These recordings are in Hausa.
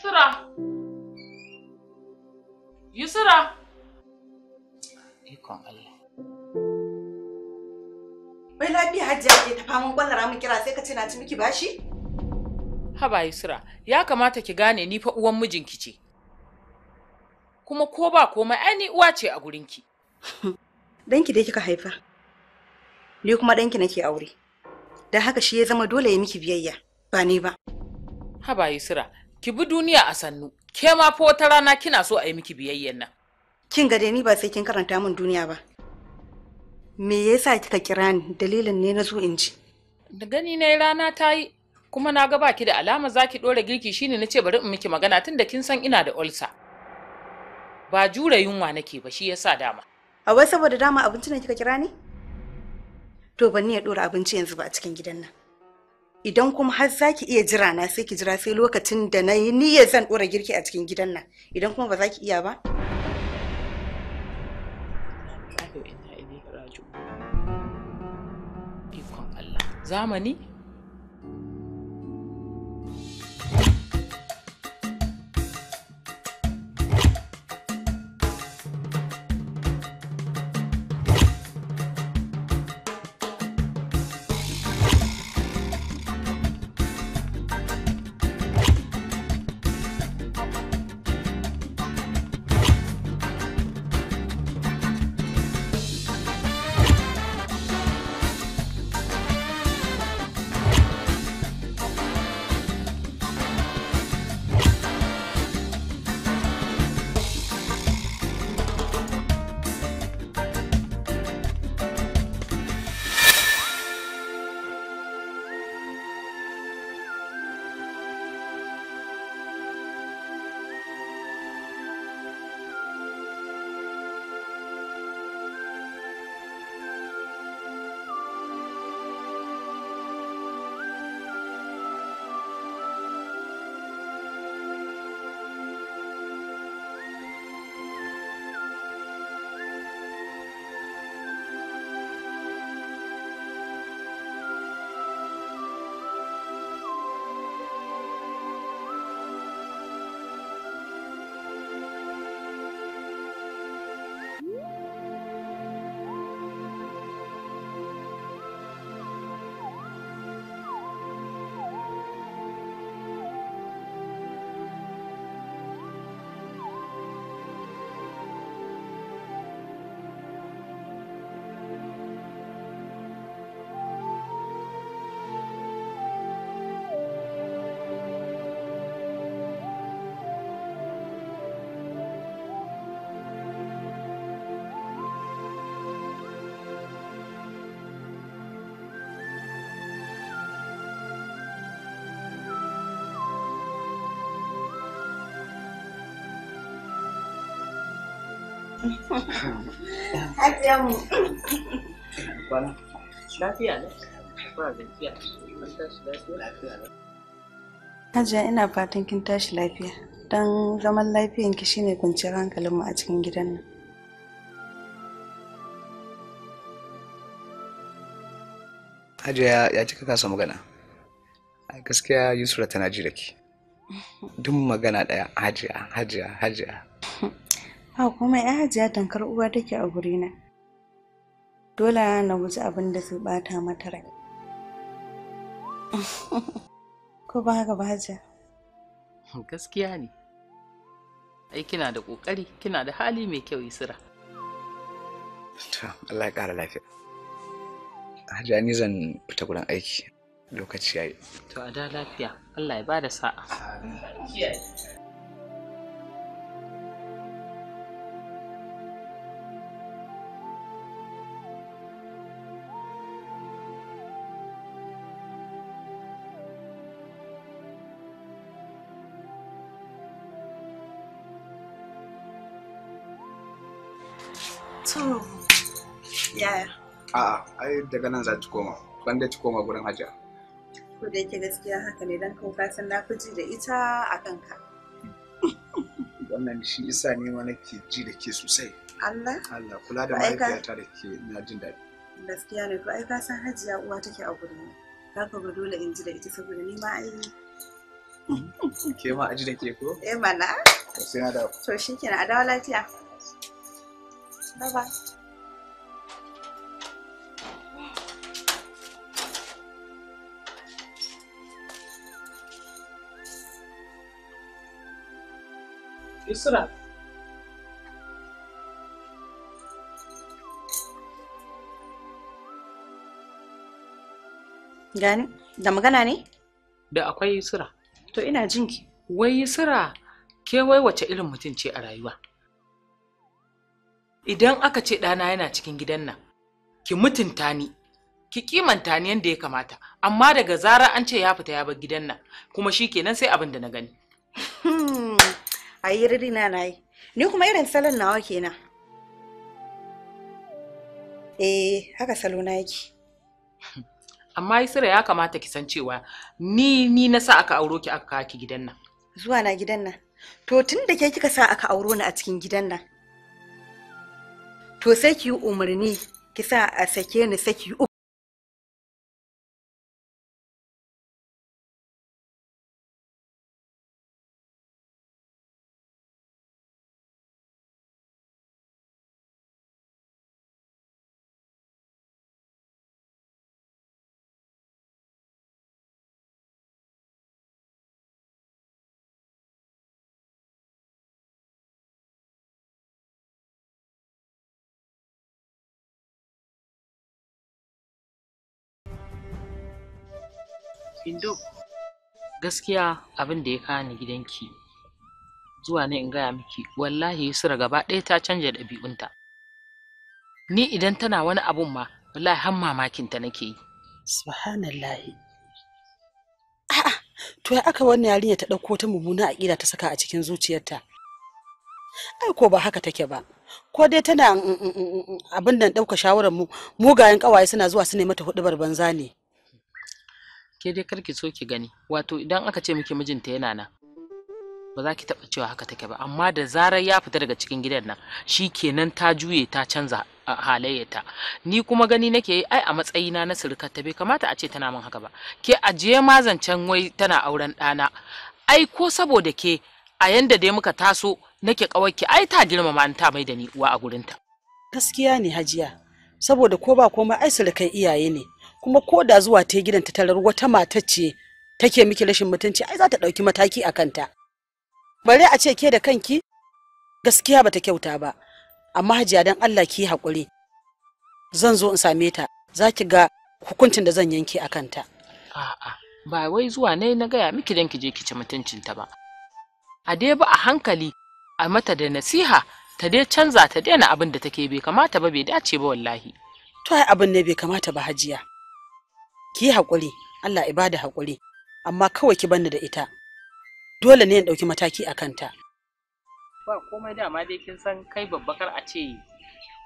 Yusra. Yusra. Ikon Allah. Wai lafiya Hajiya ke ta faman kwallara mun kira sai ka ce na ci miki bashi? Haba Yusra, ya kamata ki gane ni fa uwan mijinki ce. Kuma ko ba komai ai ni uwa ce a gurinki. Danki dai kika haifa. Ni kuma danki nake aure. Dan haka shi ya zama dole ya miki biyayya, ba ni ba. Haba Yusra, ki bi duniya a sannu ke ma fa wata rana kina so a yi miki biyayyen nan kin ga ni ba sai kin karanta min duniya ba me yasa kika kira ni dalilin ne na zo in ji da gani na rana ta yi kuma na ga baki da alama za ki ɗora girki shine na ce bari in miki magana tun da kin san ina da olsa ba jure yunwa nake ba shi yasa dama a wai saboda dama abinci ne kika kira ni to ban ni ya ɗora abinci yanzu ba a cikin gidan nan idan kuma har za ki iya jira na sai ki jira sai lokacin da na yi niyyar zan ɗora girki a cikin gidan nan idan kuma ba za ki iya ba zamani Hajiya ina fatan kin tashi lafiya. Don zaman lafiyanki shine kwanciyar hankalinmu a cikin gidan nan. Hajiya ya cika kasa magana? Gaskiya Yusra tana ji da ke. Duk magana ɗaya hajiya, hajiya, hajiya. ha kuma ya hajiya tankar uwa take a na. dole na guji abin da zai bata mata rai ko ba haka ba hajiya gaskiya ne ai kina da kokari kina da hali mai kyau isra Allah ya kara lafiya hajiya ni zan fita gurin aiki lokaci yayi to a da lafiya Allah ya bada sa'a To, yaya? A'a, ai daga nan za ta koma. Ban da koma gurin hajiya. Ko da yake gaskiya haka ne dan kuka san na fi ji da ita a kanka. Wannan shi isa ne ma nake ji da ke sosai. Allah? Allah, kula da mahaifiyata da ke na jin daɗi. Gaskiya ne, ko ai ka san hajiya uwa take a gurin. Kaka ga dole in ji da ita saboda ni ma ai ke ma aji da ke ko? Eh mana. To shi kenan a dawo lafiya. Bye bye. Gani, da magana ne? Da akwai Yusra. To ina jinki. Wai Yusra, ke wai wace irin mutum ce a rayuwa? idan aka ce ɗana yana cikin gidan nan ki mutunta ni ki kimanta ni yadda ya kamata amma daga zara an ce ya fita ya bar gidan nan kuma shi kenan sai abin da na gani ayi riri na na yi ni kuma irin salon nawa kenan eh haka salo na yake amma yi sira ya kamata ki san cewa ni ni na sa aka auro ki aka kawo ki gidan nan zuwa na gidan nan to tun da ke kika sa aka auro ni a cikin gidan nan to sai ki umarni ki sa a sake ni saki Indo, gaskiya abin da ya ni gidanki zuwa ne in gaya miki wallahi Yusra gaba ɗaya ta canja ɗabi'unta. Ni idan tana wani abun ma wallahi har mamakinta nake yi. Subhanallahi. A'a, to ya aka wannan yarinya ta ɗauko ta mummuna aƙida ta saka a cikin zuciyarta. Ai ko ba haka take ba. Ko dai tana mm, mm, mm, abin nan ɗauka shawarar mu mugayen ƙawaye suna zuwa su ne mata huɗubar banza ne. ke dai kar ki so ki gani wato idan aka ce miki mijinta yana nan ba za ki taɓa cewa haka take ba amma da zarar ya fita daga cikin gidan nan shi kenan ta juye ta canza halayyata ni kuma gani nake yi ai a matsayina na ta bai kamata a ce tana min haka ba ke ajiye ma zancen wai tana auren ɗana ai ko saboda ke a yanda dai muka taso nake ƙawarki ai ta girmama ta mai da ni uwa a gurinta gaskiya ne hajiya saboda ko ba komai ai surukai iyaye ne kuma ko da zuwa ta gidan ta tarar wata mata ce take miki rashin mutunci ai za ta ɗauki mataki a kanta bare a ce ke da kanki gaskiya bata kyauta ba amma hajiya dan Allah ki haƙuri zan zo in same ta zaki ga hukuncin da zan yanke a kanta a'a ba wai zuwa ne na gaya miki dan ki je ki ci mutuncin ta ba a dai ba a hankali a mata da nasiha ta dai canza ta daina abin da take bai kamata ba bai dace ba wallahi to ai abin ne bai kamata ba hajiya ki hakuri, Allah ya bada haƙuri amma kawai ki banni da ita dole ne in ɗauki mataki a kanta ba komai dama dai kin san kai babbakar a ce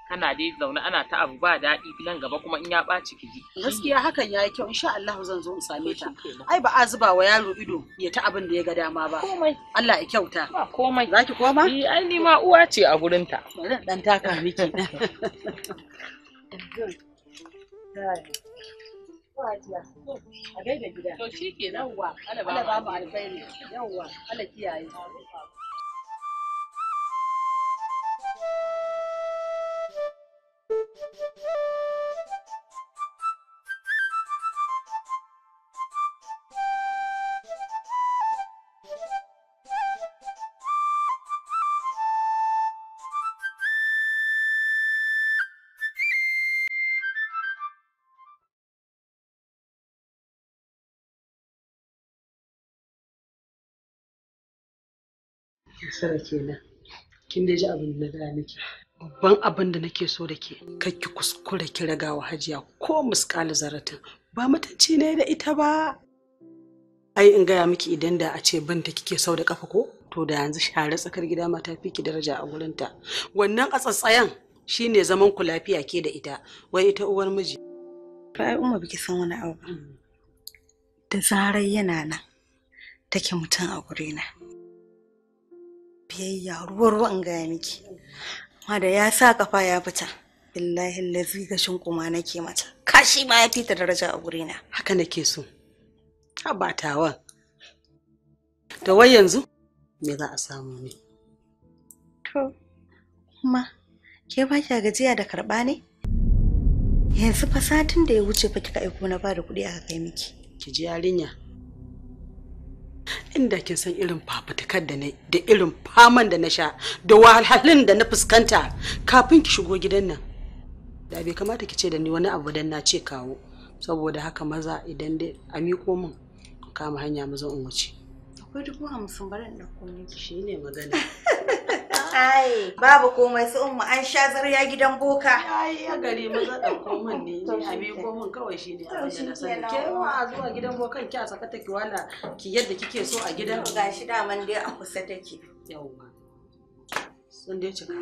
kana dai zaune ana ta abu ba daɗi nan gaba kuma in ya ɓaci ki ji gaskiya hakan yayi kyau insha Allah zan zo in same ta ai ba a zuba wa yaro ido ya ta abin da ya ga dama ba komai Allah ya kyauta ba komai zaki koma eh ai ni ma uwa ce a gurin ta dan taka miki hajiya. A gaida gida. To shi ke nan. ba mu Yawwa. kiyaye. nasara kenan. Kin dai ji abin da na gaya miki. Babban abin da nake so da ke ki kuskure ki ragawa hajiya ko muskali zaratin ba mutunci ne da ita ba. Ai in gaya miki idan da a ce binta kike sau da kafa ko? To da yanzu share tsakar gida mata fi ki daraja a gurinta. Wannan a tsatsayan shine zaman ku lafiya ke da ita wai ita uwar miji. Ra'ayi Umar biki san wani abu. Da zarar yana nan take mutum a gurina. biyayya ruwa ruwan gaya miki amma da ya sa kafa ya fita billahi lazi gashin kuma nake mata kashi ma ya fita daraja a na haka nake so habatawan to wai yanzu me za a samu ne to kuma ke ba kya gajiya da karba ne yanzu satin da ya wuce fa kika aiko na ba da kuɗi aka kai miki ki ji yarinya inda kin san irin fafutukar da na da irin faman da na sha da wahalhalun da na fuskanta kafin ki shigo gidan nan da bai kamata ki ce da ni wani abu dan na ce kawo saboda haka maza idan dai a miko min kama hanya maza in wuce akwai dubu hamsin barin da kuma ki shi ne magana Ai, babu komai su umma an sha zarya gidan boka. Ai, ya gare mu za ta koma ne, a me ko mun kawai shi ne a da na sani. Ke ma a zuwa gidan bokan ki a saka take wala ki yadda kike so a gidan. Gashi da man dai a kusa take. Yawwa. Sun dai cika.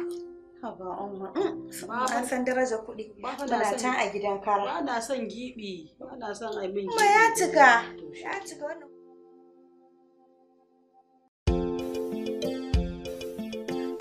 Haba umma. Mm, babu an san daraja kuɗi. Tana can a gidan kara. Ba na son gibi. ba na son ai min giɓi. Ba ya cika. Ya cika wannan.